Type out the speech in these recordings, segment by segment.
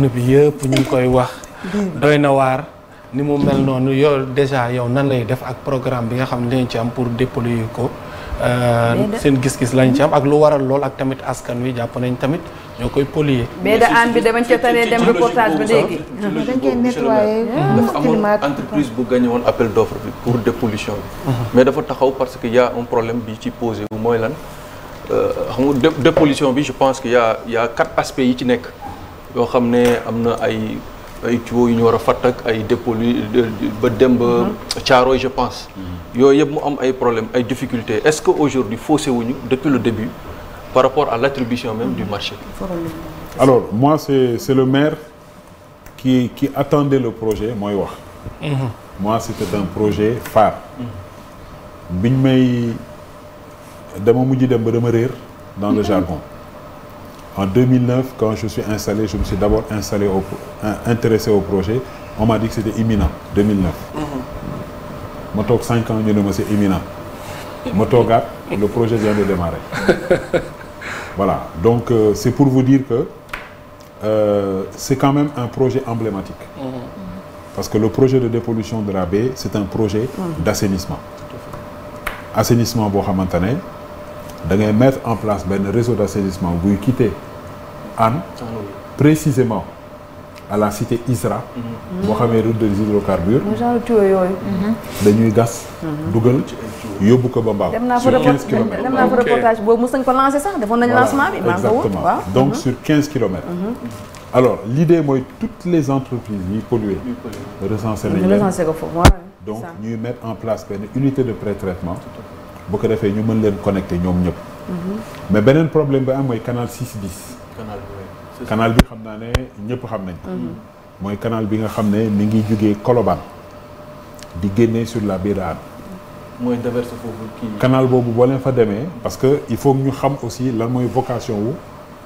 àdduna bi yëpp ñu ngi koy na waar ni mu mel noonu yow déjà yow nan lay def ak programme bi nga xam ne dinañ ci am pour déployer ko. seen gis-gis lañ ci am ak lu waral lool ak tamit askan wi jàpp nañ tamit ñoo koy polier. da aan bi dama ca tane dem reportage ba léegi. dañ koy nettoyer dafa amoon entreprise bu gagné woon appel d'offre bi pour bi. mais dafa taxaw parce que y a un problème bi ci posé wu mooy lan xam bi je pense que y a y yi ci nekk. yoo xam ne am na ay ay tuyaux yu ñu war a fatt ak ay dépôts ba dem ba mhm. Thiaroye je pense mhm. yooyu yëpp mu am ay problème ay difficultés est-ce que aujourd'hui faussé wuñu depuis le début par rapport à l'attribution même du marché alors moi c'est c'est le maire qui qui attendait le projet mooy wax mhm. moi c'était un projet phare biñ may dama mujj dem ba dama réer dans le jargon En 2009, quand je suis installé, je me suis d'abord installé au, intéressé au projet. On m'a dit que c'était mm-hmm. toog 5 ans ñu ma c'est imminent ma le projet vient de démarrer voilà donc euh, c'est pour vous dire que euh, c'est quand même un projet emblématique mm-hmm. parce que le projet de dépollution de la baie c'est un projet mm-hmm. d'assainissement assainissement boo xamante ne da ngay mettre en place benn réseau d' assainissement buy quitter Hann précisément à la cité ISRA. Mhm. boo xamee route des hydrocarbures. Mhm. dañuy gas. Mhm. dugal yóbbu ko ba Mbao. sur 15 kilomètres dem naa fa reportage boobu mos nañ donc sur 15 kilomètres. alors l'idée mooy toutes les entreprises yuy polluer. recenser nañ leen donc ñuy mettre en place benn unité de pré-traitement. bu ko defee ñu mën leen connecté ñoom ñëpp. Mhm. mais beneen problème bi am mooy canal 6 bis. canal bi xam naa ne ñëpp xam nañ ko. Mhm. mooy canal bi nga xam ne mi ngi jugee Colobane di génne sur la Birane. mooy déverser foofu boobu boo leen fa demee parce que il faut ñu xam aussi lan mooy vocation wu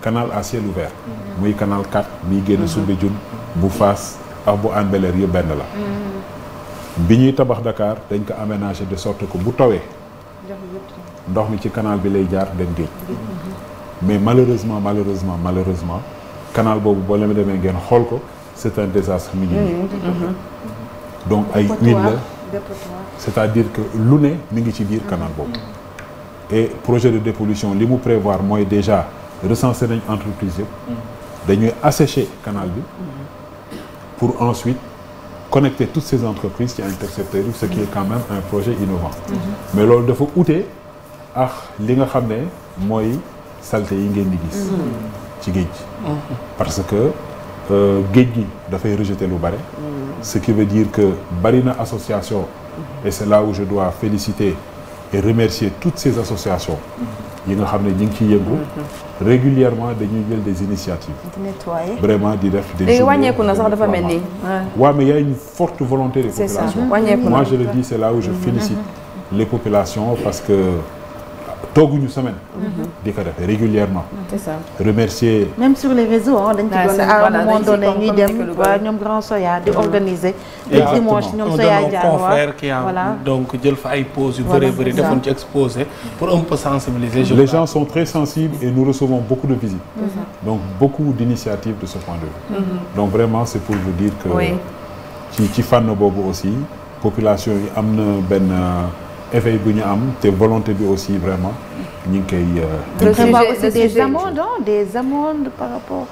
canal à ciel ouvert. Mhm. muy canal 4 miy génn Soumbédioune bu Fass ak bu Hann Bel-Air benn la. bi ñuy tabax Dakar dañ ko aménager de sorte ko bu tawee. ndox mi ci kanaal bi lay jaar dem géej mais malheureusement malheureusement malheureusement canal boobu boo leen demee ngeen xool ko c'est un désastre mi ngi nii donc ay huile la c'est-à-dire que lu ne mi ngi ci biir mm-hmm. canal boobu et projet de dépollution li mu prévoir mooy déjà recenser nañ entreprise yëpp mm-hmm. dañuy assécher kanaal bi mm-hmm. pour ensuite connecter toutes ces entreprises ci intercepteurs yi ce qui est quand même un projet innovant mais loolu dafa ute ak li nga xam ne mooy salte yi ngeen di gis ci géej parce que euh, géej gi dafay rejeter lu bare ce qui veut dire que bari na association et c'est là où je dois féliciter et remercier toutes ces associations yi nga xam ne ñu ngi ciy yëngu régulièrement dañuy jël des initiatives nettoyer vraiment di def des wàññeeku na sax dafa mel nii waaw mais il y a une forte volonté des populations moi je le dis c'est là où je mm-hmm. félicite les populations parce que tooguñu semaine. Mhm. di régulièrement. Mhm. remercier. même sur les réseaux ah ci doon ah, à un moment donné dem waa ñoom grand soya di organiser. exactement dimanche ñoom soya jaar ah, waa voilà donc jël fa ay pauses yu bëree bëri defoon ci exposé pour un peu sensibiliser. les gens sont très sensibles et nous recevons beaucoup de visites. donc beaucoup d'initiatives de ce point de vue. Mhm. donc vraiment c'est pour vous dire que. ci fan fànn boobu aussi population yi am na benn. Euh, éveil bu ñu am te volonté bi aussi vraiment ñu ngi koy. Euh, des amendes des amendes par rapport.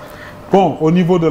bon au niveau de.